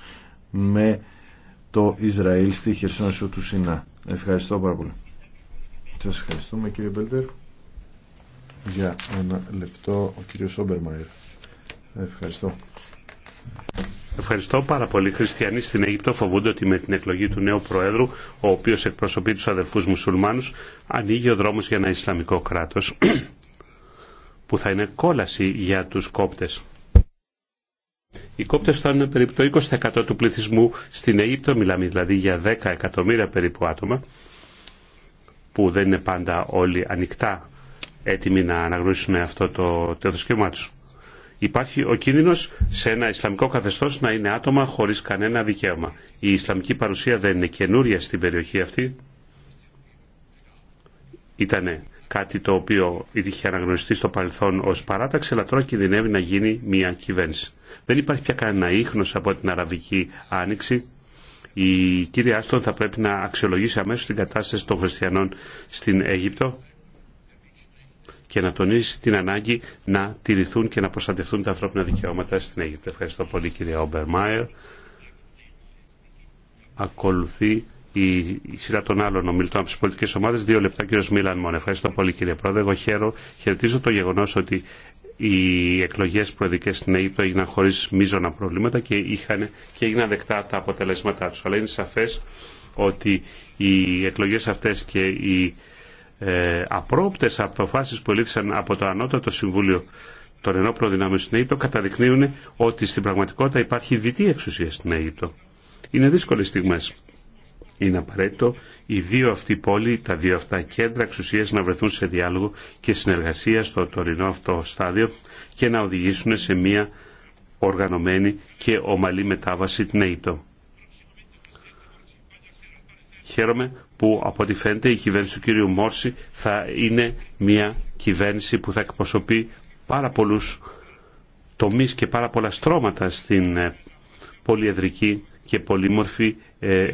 με το Ισραήλ στη χερσόνησο του Σινά. Ευχαριστώ πάρα πολύ. Σας ευχαριστούμε κύριε Μπέλτερ. Για ένα λεπτό ο κύριος Όμπερμαϊρ. Ευχαριστώ. Ευχαριστώ πάρα πολύ. Οι χριστιανοί στην Αίγυπτο φοβούνται ότι με την εκλογή του νέου Προέδρου, ο οποίος εκπροσωπεί τους αδερφούς μουσουλμάνους, ανοίγει ο δρόμος για ένα Ισλαμικό κράτος που θα είναι κόλαση για τους κόπτες. Οι κόπτες φτάνουν περίπου το 20% του πληθυσμού στην Αίγυπτο, μιλάμε δηλαδή για 10 εκατομμύρια περίπου άτομα, που δεν είναι πάντα όλοι ανοιχτά έτοιμοι να αναγνωρίσουν αυτό το, το του. Υπάρχει ο κίνδυνος σε ένα Ισλαμικό καθεστώς να είναι άτομα χωρίς κανένα δικαίωμα. Η Ισλαμική παρουσία δεν είναι καινούρια στην περιοχή αυτή. Ήτανε κάτι το οποίο είχε αναγνωριστεί στο παρελθόν ως παράταξη, αλλά τώρα κινδυνεύει να γίνει μια κυβέρνηση. Δεν υπάρχει πια κανένα ίχνος από την Αραβική Άνοιξη. Η κυρία Άστον θα πρέπει να αξιολογήσει αμέσως την κατάσταση των χριστιανών στην Αίγυπτο και να τονίσει την ανάγκη να τηρηθούν και να προστατευτούν τα ανθρώπινα δικαιώματα στην Αίγυπτο. Ευχαριστώ πολύ κυρία Όμπερ Ακολουθεί η σειρά των άλλων ομιλητών από τι πολιτικέ ομάδε. Δύο λεπτά, κύριο Μίλαν μόνο. Ευχαριστώ πολύ, κύριε Πρόεδρε. Εγώ χαίρο, χαιρετίζω το γεγονό ότι οι εκλογέ προεδρικέ στην Αίγυπτο έγιναν χωρί μείζωνα προβλήματα και, είχαν, και έγιναν δεκτά τα αποτελέσματά του. Αλλά είναι σαφέ ότι οι εκλογέ αυτέ και οι ε, απρόπτε αποφάσει που λήφθησαν από το Ανώτατο Συμβούλιο των Ενόπλων Δυνάμεων στην Αίγυπτο καταδεικνύουν ότι στην πραγματικότητα υπάρχει διτή εξουσία στην Αίγυπτο. Είναι δύσκολε στιγμές είναι απαραίτητο οι δύο αυτοί πόλοι, τα δύο αυτά κέντρα εξουσίας να βρεθούν σε διάλογο και συνεργασία στο τωρινό αυτό στάδιο και να οδηγήσουν σε μια οργανωμένη και ομαλή μετάβαση την ΑΕΤΟ. Χαίρομαι που από ό,τι φαίνεται η κυβέρνηση του κ. Μόρση θα είναι μια κυβέρνηση που θα εκπροσωπεί πάρα πολλούς τομείς και πάρα πολλά στρώματα στην ε, πολυεδρική και πολύμορφη ε,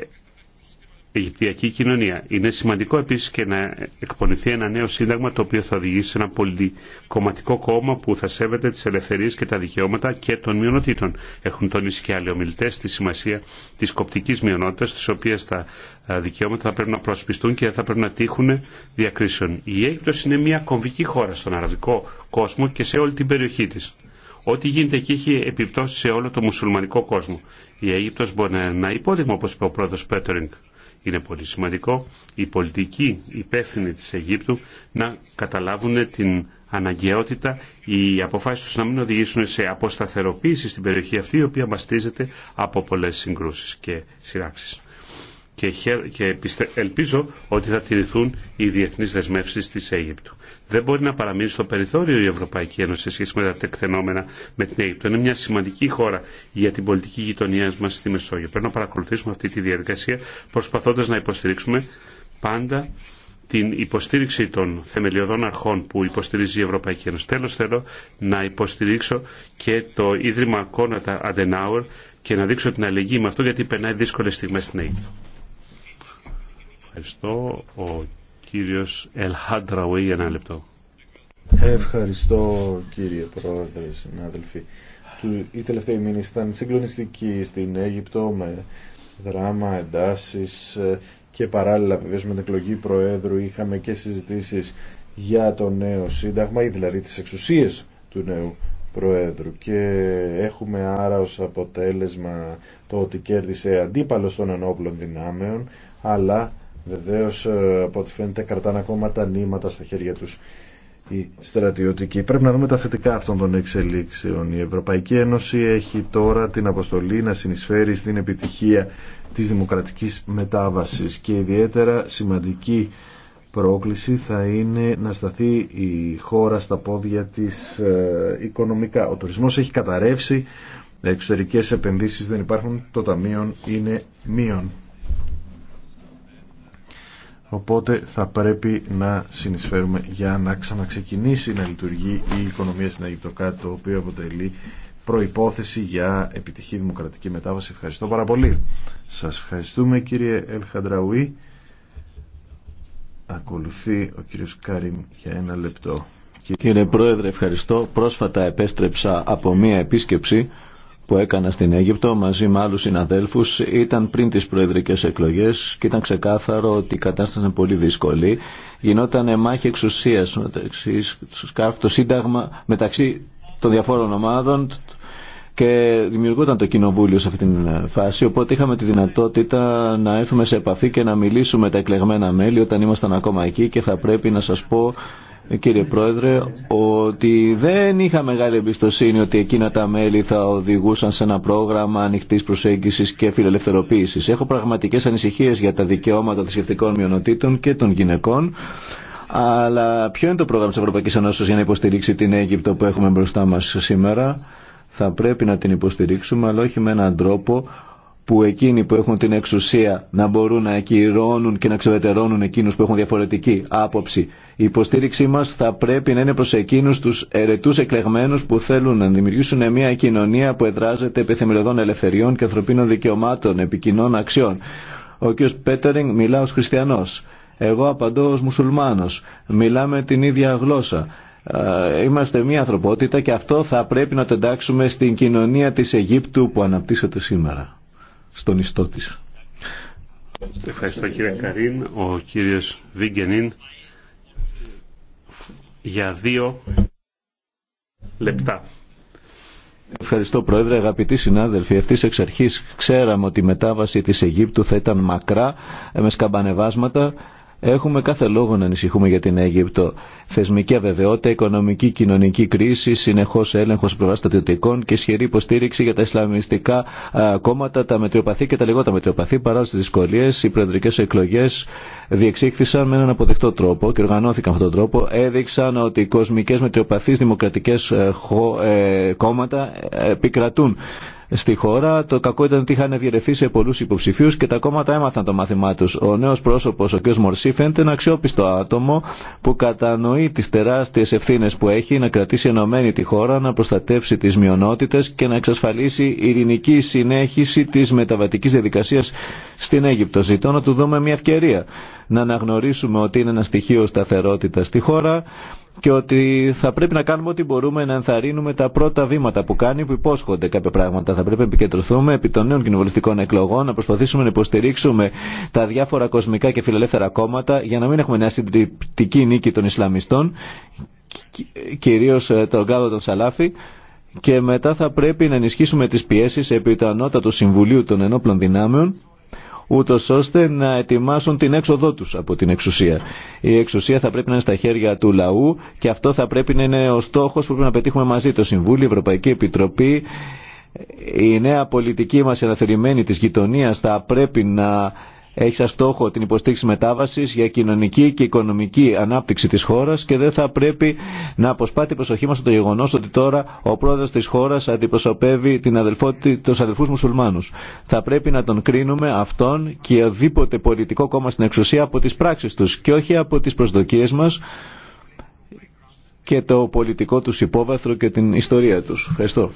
Αιγυπτιακή κοινωνία. Είναι σημαντικό επίση και να εκπονηθεί ένα νέο σύνταγμα το οποίο θα οδηγήσει σε ένα πολυκομματικό κόμμα που θα σέβεται τι ελευθερίε και τα δικαιώματα και των μειονοτήτων. Έχουν τονίσει και άλλοι ομιλητέ τη σημασία τη κοπτική μειονότητα, τη οποία τα ε, δικαιώματα θα πρέπει να προσπιστούν και θα πρέπει να τύχουν διακρίσεων. Η Αίγυπτος είναι μια κομβική χώρα στον αραβικό κόσμο και σε όλη την περιοχή τη. Ό,τι γίνεται εκεί έχει επιπτώσει σε όλο το μουσουλμανικό κόσμο. Η Αίγυπτος μπορεί να είναι υπόδειγμα, όπω είπε ο πρόεδρο Πέτερινγκ είναι πολύ σημαντικό οι πολιτικοί υπεύθυνοι της Αιγύπτου να καταλάβουν την αναγκαιότητα οι αποφάσεις τους να μην οδηγήσουν σε αποσταθεροποίηση στην περιοχή αυτή η οποία μπαστίζεται από πολλές συγκρούσεις και σειράξεις. Και, ελπίζω ότι θα τηρηθούν οι διεθνείς δεσμεύσεις της Αίγυπτου. Δεν μπορεί να παραμείνει στο περιθώριο η Ευρωπαϊκή Ένωση σε σχέση με τα τεκτενόμενα με την Αίγυπτο. Είναι μια σημαντική χώρα για την πολιτική γειτονία μα στη Μεσόγειο. Πρέπει να παρακολουθήσουμε αυτή τη διαδικασία προσπαθώντα να υποστηρίξουμε πάντα την υποστήριξη των θεμελιωδών αρχών που υποστηρίζει η Ευρωπαϊκή Ένωση. Τέλο, θέλω να υποστηρίξω και το Ίδρυμα Κόνατα Αντενάουερ και να δείξω την αλληλεγγύη με αυτό γιατί περνάει δύσκολε στιγμέ στην Αίγυπτο. Ευχαριστώ. Ο κύριος Ελχάντραουι για ένα λεπτό. Ευχαριστώ κύριε Πρόεδρε, συνάδελφοι. Οι τελευταία μήνες ήταν συγκλονιστική στην Αίγυπτο με δράμα, εντάσεις ε, και παράλληλα βεβαίω με την εκλογή Προέδρου είχαμε και συζητήσεις για το νέο σύνταγμα ή δηλαδή τις εξουσίες του νέου Προέδρου και έχουμε άρα ως αποτέλεσμα το ότι κέρδισε αντίπαλο των ενόπλων δυνάμεων αλλά Βεβαίω ε, από ό,τι φαίνεται, κρατάνε ακόμα τα νήματα στα χέρια τους οι στρατιωτικοί. Πρέπει να δούμε τα θετικά αυτών των εξελίξεων. Η Ευρωπαϊκή Ένωση έχει τώρα την αποστολή να συνεισφέρει στην επιτυχία της δημοκρατικής μετάβασης και ιδιαίτερα σημαντική πρόκληση θα είναι να σταθεί η χώρα στα πόδια της ε, οικονομικά. Ο τουρισμός έχει καταρρεύσει, εξωτερικές επενδύσεις δεν υπάρχουν, το ταμείο είναι μείον. Οπότε θα πρέπει να συνεισφέρουμε για να ξαναξεκινήσει να λειτουργεί η οικονομία στην Αίγυπτο, το οποίο αποτελεί προϋπόθεση για επιτυχή δημοκρατική μετάβαση. Ευχαριστώ πάρα πολύ. Σας ευχαριστούμε κύριε Ελχαντραουή. Ακολουθεί ο κύριος Κάριμ για ένα λεπτό. Κύριε Πρόεδρε, ευχαριστώ. Πρόσφατα επέστρεψα από μία επίσκεψη που έκανα στην Αίγυπτο μαζί με άλλου συναδέλφους ήταν πριν τις προεδρικές εκλογές και ήταν ξεκάθαρο ότι η κατάσταση ήταν πολύ δύσκολη. Γινόταν μάχη εξουσίας μεταξύ το Σύνταγμα μεταξύ των διαφόρων ομάδων και δημιουργούταν το κοινοβούλιο σε αυτή την φάση, οπότε είχαμε τη δυνατότητα να έρθουμε σε επαφή και να μιλήσουμε τα εκλεγμένα μέλη όταν ήμασταν ακόμα εκεί και θα πρέπει να σας πω κύριε Πρόεδρε, ότι δεν είχα μεγάλη εμπιστοσύνη ότι εκείνα τα μέλη θα οδηγούσαν σε ένα πρόγραμμα ανοιχτή προσέγγιση και φιλελευθερωποίηση. Έχω πραγματικέ ανησυχίε για τα δικαιώματα θρησκευτικών μειονοτήτων και των γυναικών. Αλλά ποιο είναι το πρόγραμμα τη Ευρωπαϊκή Ένωση για να υποστηρίξει την Αίγυπτο που έχουμε μπροστά μα σήμερα. Θα πρέπει να την υποστηρίξουμε, αλλά όχι με έναν τρόπο που εκείνοι που έχουν την εξουσία να μπορούν να ακυρώνουν και να ξεβετερώνουν εκείνους που έχουν διαφορετική άποψη. Η υποστήριξή μας θα πρέπει να είναι προς εκείνους τους ερετούς εκλεγμένους που θέλουν να δημιουργήσουν μια κοινωνία που εδράζεται επί θεμελιωδών ελευθεριών και ανθρωπίνων δικαιωμάτων, επί κοινών αξιών. Ο κ. Πέτερινγκ μιλά ως χριστιανός. Εγώ απαντώ ως μουσουλμάνος. Μιλάμε την ίδια γλώσσα. Ε, είμαστε μια ανθρωπότητα και αυτό θα πρέπει να το εντάξουμε στην κοινωνία της Αιγύπτου που αναπτύσσεται σήμερα στον ιστό της. Ευχαριστώ κύριε Καρίν. Ο κύριος Βίγκενίν για δύο λεπτά. Ευχαριστώ Πρόεδρε, αγαπητοί συνάδελφοι. Ευθύ εξ αρχή ξέραμε ότι η μετάβαση τη Αιγύπτου θα ήταν μακρά, ε, με σκαμπανεβάσματα. Έχουμε κάθε λόγο να ανησυχούμε για την Αίγυπτο. Θεσμική αβεβαιότητα, οικονομική, κοινωνική κρίση, συνεχώ έλεγχο πλευρά στρατιωτικών και ισχυρή υποστήριξη για τα Ισλαμιστικά κόμματα, τα μετριοπαθή και τα λιγότερα μετριοπαθή. Παρά τι δυσκολίε, οι προεδρικέ εκλογέ διεξήχθησαν με έναν αποδεκτό τρόπο και οργανώθηκαν αυτόν τον τρόπο. Έδειξαν ότι οι κοσμικέ μετριοπαθεί δημοκρατικέ ε, ε, κόμματα ε, επικρατούν στη χώρα. Το κακό ήταν ότι είχαν διαιρεθεί σε πολλού υποψηφίου και τα κόμματα έμαθαν το μάθημά του. Ο νέο πρόσωπο, ο κ. Μορσή, φαίνεται ένα αξιόπιστο άτομο που κατανοεί τι τις τεράστιες που έχει να κρατήσει ενωμένη τη χώρα, να προστατεύσει τις μειονότητες και να εξασφαλίσει ειρηνική συνέχιση της μεταβατικής διαδικασίας στην Αίγυπτο. Ζητώ να του δούμε μια ευκαιρία να αναγνωρίσουμε ότι είναι ένα στοιχείο σταθερότητα στη χώρα, και ότι θα πρέπει να κάνουμε ό,τι μπορούμε να ενθαρρύνουμε τα πρώτα βήματα που κάνει, που υπόσχονται κάποια πράγματα. Θα πρέπει να επικεντρωθούμε επί των νέων κοινοβουλευτικών εκλογών, να προσπαθήσουμε να υποστηρίξουμε τα διάφορα κοσμικά και φιλελεύθερα κόμματα για να μην έχουμε μια συντριπτική νίκη των Ισλαμιστών, κυρίω ε, τον κάδο των Σαλάφη. Και μετά θα πρέπει να ενισχύσουμε τις πιέσεις επί του Ανώτατου Συμβουλίου των Ενόπλων Δυνάμεων ούτω ώστε να ετοιμάσουν την έξοδό του από την εξουσία. Η εξουσία θα πρέπει να είναι στα χέρια του λαού και αυτό θα πρέπει να είναι ο στόχο που πρέπει να πετύχουμε μαζί. Το Συμβούλιο, η Ευρωπαϊκή Επιτροπή, η νέα πολιτική μα αναθεωρημένη τη γειτονία θα πρέπει να έχει σαν στόχο την υποστήριξη μετάβαση για κοινωνική και οικονομική ανάπτυξη τη χώρα και δεν θα πρέπει να αποσπάτει η προσοχή μα στο γεγονό ότι τώρα ο πρόεδρο τη χώρα αντιπροσωπεύει του αδελφού μουσουλμάνου. Θα πρέπει να τον κρίνουμε αυτόν και οδήποτε πολιτικό κόμμα στην εξουσία από τι πράξει του και όχι από τι προσδοκίε μα και το πολιτικό του υπόβαθρο και την ιστορία του. Ευχαριστώ.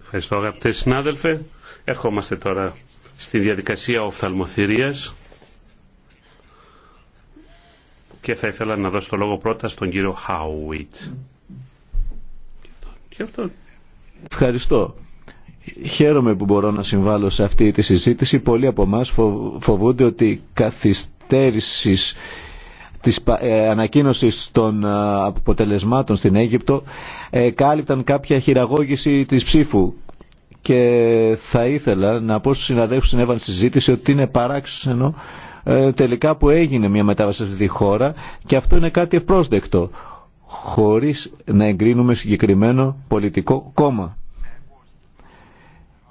Ευχαριστώ αγαπητέ συνάδελφε. Ερχόμαστε τώρα στη διαδικασία οφθαλμοθυρίας και θα ήθελα να δώσω το λόγο πρώτα στον κύριο Χάουιτ. Ευχαριστώ. Χαίρομαι που μπορώ να συμβάλλω σε αυτή τη συζήτηση. Πολλοί από εμά φοβούνται ότι καθυστέρηση της ε, ανακοίνωσης των ε, αποτελεσμάτων στην Αίγυπτο ε, κάλυπταν κάποια χειραγώγηση της ψήφου και θα ήθελα να πω στους συναδέλφους στην στη συζήτηση ότι είναι παράξενο ε, τελικά που έγινε μια μετάβαση σε αυτή τη χώρα και αυτό είναι κάτι ευπρόσδεκτο χωρίς να εγκρίνουμε συγκεκριμένο πολιτικό κόμμα.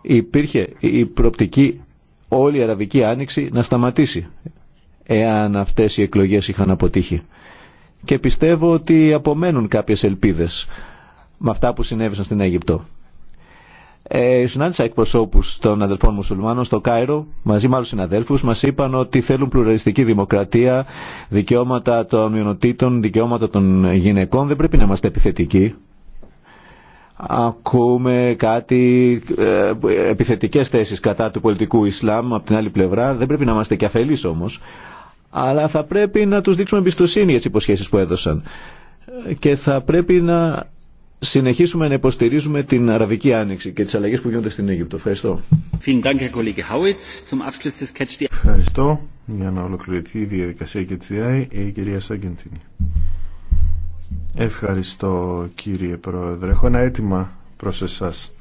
Υπήρχε η προπτική όλη η Αραβική Άνοιξη να σταματήσει εάν αυτές οι εκλογές είχαν αποτύχει. Και πιστεύω ότι απομένουν κάποιες ελπίδες με αυτά που συνέβησαν στην Αίγυπτο. Ε, συνάντησα εκπροσώπου των αδελφών μουσουλμάνων στο Κάιρο μαζί με άλλου συναδέλφου. Μα είπαν ότι θέλουν πλουραλιστική δημοκρατία, δικαιώματα των μειονοτήτων, δικαιώματα των γυναικών. Δεν πρέπει να είμαστε επιθετικοί. Ακούμε κάτι, ε, επιθετικές θέσεις κατά του πολιτικού Ισλάμ από την άλλη πλευρά. Δεν πρέπει να είμαστε και αφελεί όμω, Αλλά θα πρέπει να του δείξουμε εμπιστοσύνη για τι υποσχέσει που έδωσαν. Και θα πρέπει να συνεχίσουμε να υποστηρίζουμε την Αραβική Άνοιξη και τις αλλαγές που γίνονται στην Αίγυπτο. Ευχαριστώ. Ευχαριστώ. Για να ολοκληρωθεί η διαδικασία και η κυρία Σαγκεντίνη. Ευχαριστώ κύριε Πρόεδρε. Έχω ένα αίτημα προς εσάς.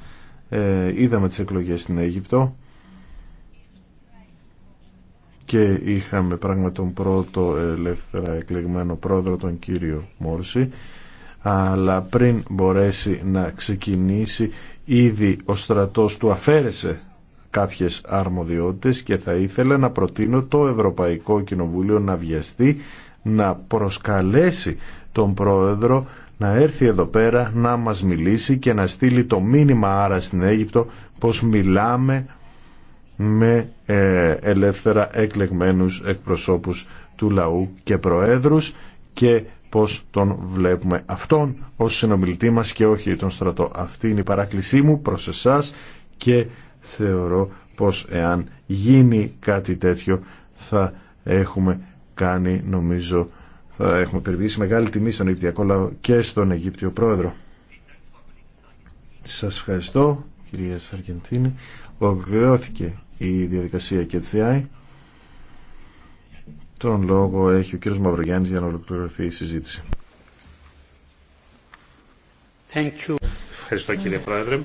Ε, είδαμε τις εκλογές στην Αίγυπτο και είχαμε πράγμα τον πρώτο ελεύθερα εκλεγμένο πρόεδρο τον κύριο Μόρση αλλά πριν μπορέσει να ξεκινήσει ήδη ο στρατός του αφαίρεσε κάποιες αρμοδιότητες και θα ήθελα να προτείνω το Ευρωπαϊκό Κοινοβούλιο να βιαστεί να προσκαλέσει τον Πρόεδρο να έρθει εδώ πέρα να μας μιλήσει και να στείλει το μήνυμα άρα στην Αίγυπτο πως μιλάμε με ε, ελεύθερα εκλεγμένους εκπροσώπους του λαού και προέδρους και πώς τον βλέπουμε αυτόν ως συνομιλητή μας και όχι τον στρατό. Αυτή είναι η παράκλησή μου προς εσάς και θεωρώ πως εάν γίνει κάτι τέτοιο θα έχουμε κάνει νομίζω θα έχουμε περιβήσει μεγάλη τιμή στον Αιγυπτιακό λαό και στον Αιγύπτιο πρόεδρο. Σας ευχαριστώ κυρία Σαρκεντίνη. Ογκριώθηκε η διαδικασία και τον λόγο έχει ο κύριος Μαυρογιάννης για να ολοκληρωθεί η συζήτηση. Thank you. Ευχαριστώ κύριε Πρόεδρε.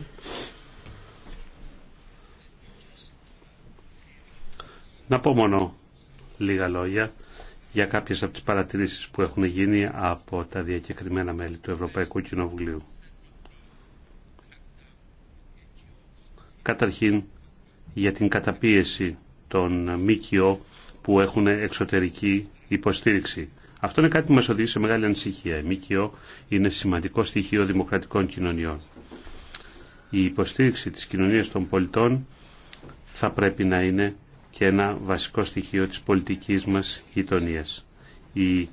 Να πω μόνο λίγα λόγια για κάποιες από τις παρατηρήσεις που έχουν γίνει από τα διακεκριμένα μέλη του Ευρωπαϊκού Κοινοβουλίου. Καταρχήν για την καταπίεση των ΜΚΟ που έχουν εξωτερική υποστήριξη. Αυτό είναι κάτι που μας οδηγεί σε μεγάλη ανησυχία. Η ΜΚΟ είναι σημαντικό στοιχείο δημοκρατικών κοινωνιών. Η υποστήριξη της κοινωνίας των πολιτών θα πρέπει να είναι και ένα βασικό στοιχείο της πολιτικής μας γειτονία. Η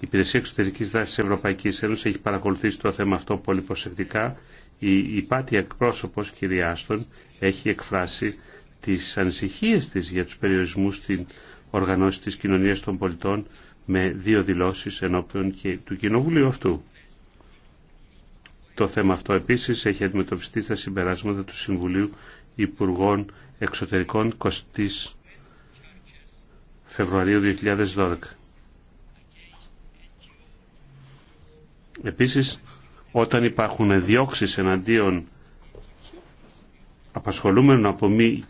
Υπηρεσία Εξωτερικής Δράσης Ευρωπαϊκής Ένωσης έχει παρακολουθήσει το θέμα αυτό πολύ προσεκτικά. Η υπάτη εκπρόσωπος, κυρία Άστον, έχει εκφράσει τις ανησυχίες της για τους περιορισμούς στην οργανώση της κοινωνίας των πολιτών με δύο δηλώσεις ενώπιον και του Κοινοβουλίου αυτού. Το θέμα αυτό επίσης έχει αντιμετωπιστεί στα συμπεράσματα του Συμβουλίου Υπουργών Εξωτερικών 20 Φεβρουαρίου 2012. Επίσης, όταν υπάρχουν διώξεις εναντίον Απασχολούμενο από μη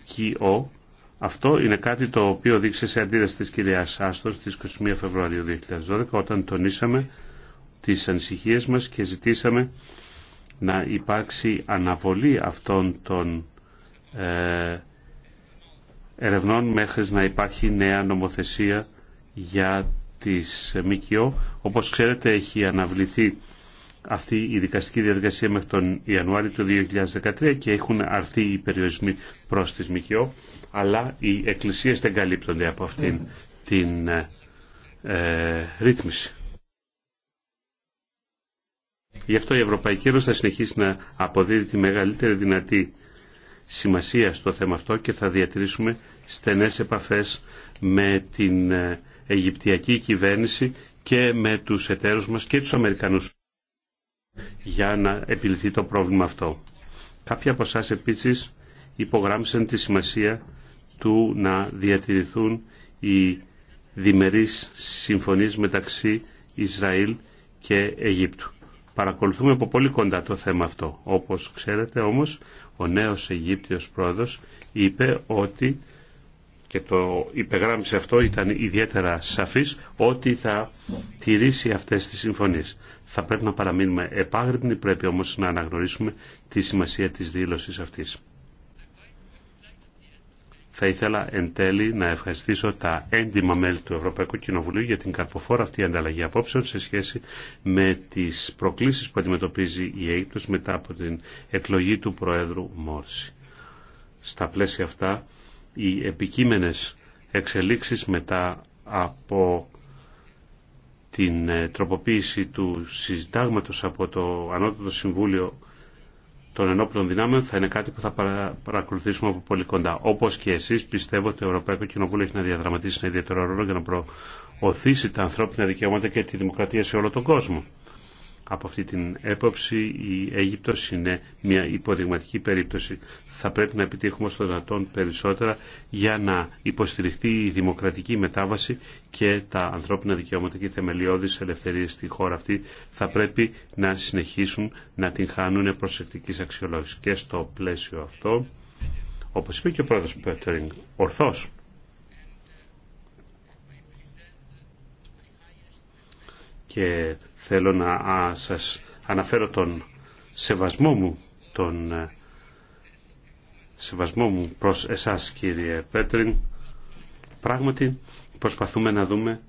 αυτό είναι κάτι το οποίο δείξε σε αντίδραση της κυρίας Άστος στις 21 Φεβρουαρίου 2012 όταν τονίσαμε τις ανησυχίες μας και ζητήσαμε να υπάρξει αναβολή αυτών των ε, ερευνών μέχρι να υπάρχει νέα νομοθεσία για τις ΜΚΟ. Όπως ξέρετε έχει αναβληθεί αυτή η δικαστική διαδικασία μέχρι τον Ιανουάριο του 2013 και έχουν αρθεί οι περιορισμοί προς τη ΜΚΟ, αλλά οι εκκλησίες δεν καλύπτονται από αυτήν ναι. την ε, ε, ρύθμιση. Γι' αυτό η Ευρωπαϊκή Ένωση θα συνεχίσει να αποδίδει τη μεγαλύτερη δυνατή σημασία στο θέμα αυτό και θα διατηρήσουμε στενές επαφές με την ε, Αιγυπτιακή κυβέρνηση και με τους εταίρους μας και τους Αμερικανούς για να επιληθεί το πρόβλημα αυτό. Κάποιοι από εσά επίσης υπογράμμισαν τη σημασία του να διατηρηθούν οι διμερείς συμφωνίες μεταξύ Ισραήλ και Αιγύπτου. Παρακολουθούμε από πολύ κοντά το θέμα αυτό. Όπως ξέρετε όμως, ο νέος Αιγύπτιος πρόεδρος είπε ότι, και το υπεγράμμισε αυτό, ήταν ιδιαίτερα σαφής, ότι θα τηρήσει αυτές τις συμφωνίες. Θα πρέπει να παραμείνουμε επάγρυπνοι, πρέπει όμως να αναγνωρίσουμε τη σημασία της δήλωσης αυτής. Θα ήθελα εν τέλει να ευχαριστήσω τα έντιμα μέλη του Ευρωπαϊκού Κοινοβουλίου για την καρποφόρα αυτή ανταλλαγή απόψεων σε σχέση με τις προκλήσεις που αντιμετωπίζει η Αίγυπτος μετά από την εκλογή του Προέδρου Μόρση. Στα πλαίσια αυτά, οι επικείμενες εξελίξεις μετά από την ε, τροποποίηση του συζητάγματος από το Ανώτατο Συμβούλιο των Ενόπλων Δυνάμεων θα είναι κάτι που θα παρακολουθήσουμε από πολύ κοντά. Όπως και εσείς πιστεύω ότι το Ευρωπαϊκό Κοινοβούλιο έχει να διαδραματίσει ένα ιδιαίτερο ρόλο για να προωθήσει τα ανθρώπινα δικαιώματα και τη δημοκρατία σε όλο τον κόσμο. Από αυτή την έποψη η Αίγυπτος είναι μια υποδειγματική περίπτωση. Θα πρέπει να επιτύχουμε στον δυνατόν περισσότερα για να υποστηριχθεί η δημοκρατική μετάβαση και τα ανθρώπινα δικαιώματα και οι θεμελιώδεις ελευθερίες στη χώρα αυτή θα πρέπει να συνεχίσουν να την χάνουν προσεκτικής αξιολόγηση. Και στο πλαίσιο αυτό, όπως είπε και ο πρόεδρος Πέτρινγκ, ορθώς και θέλω να σας αναφέρω τον σεβασμό μου, τον ε, σεβασμό μου προς εσάς κύριε Πέτριν. Πράγματι προσπαθούμε να δούμε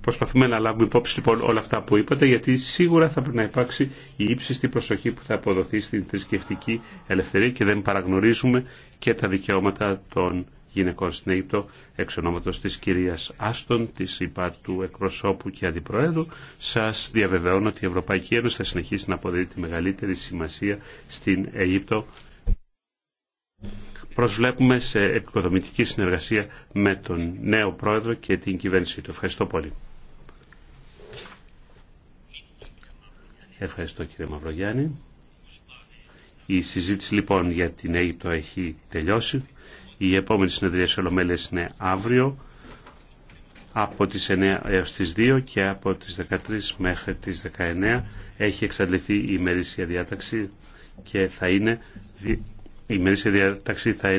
Προσπαθούμε να λάβουμε υπόψη λοιπόν όλα αυτά που είπατε, γιατί σίγουρα θα πρέπει να υπάρξει η ύψιστη προσοχή που θα αποδοθεί στην θρησκευτική ελευθερία και δεν παραγνωρίζουμε και τα δικαιώματα των γυναικών στην Αίγυπτο, εξ ονόματος της κυρίας Άστον, της ΥΠΑ του εκπροσώπου και αντιπροέδρου, σας διαβεβαιώνω ότι η Ευρωπαϊκή Ένωση θα συνεχίσει να αποδίδει τη μεγαλύτερη σημασία στην Αίγυπτο. Προσβλέπουμε σε επικοδομητική συνεργασία με τον νέο πρόεδρο και την κυβέρνησή του. Ευχαριστώ πολύ. Ευχαριστώ κύριε Μαυρογιάννη. Η συζήτηση λοιπόν για την Αίγυπτο έχει τελειώσει. Η επόμενη συνεδρία σε Ολομέλειας είναι αύριο από τις 9 έως τις 2 και από τις 13 μέχρι τις 19 έχει εξαντληθεί η ημερήσια διάταξη και θα είναι η ημερήσια διάταξη θα είναι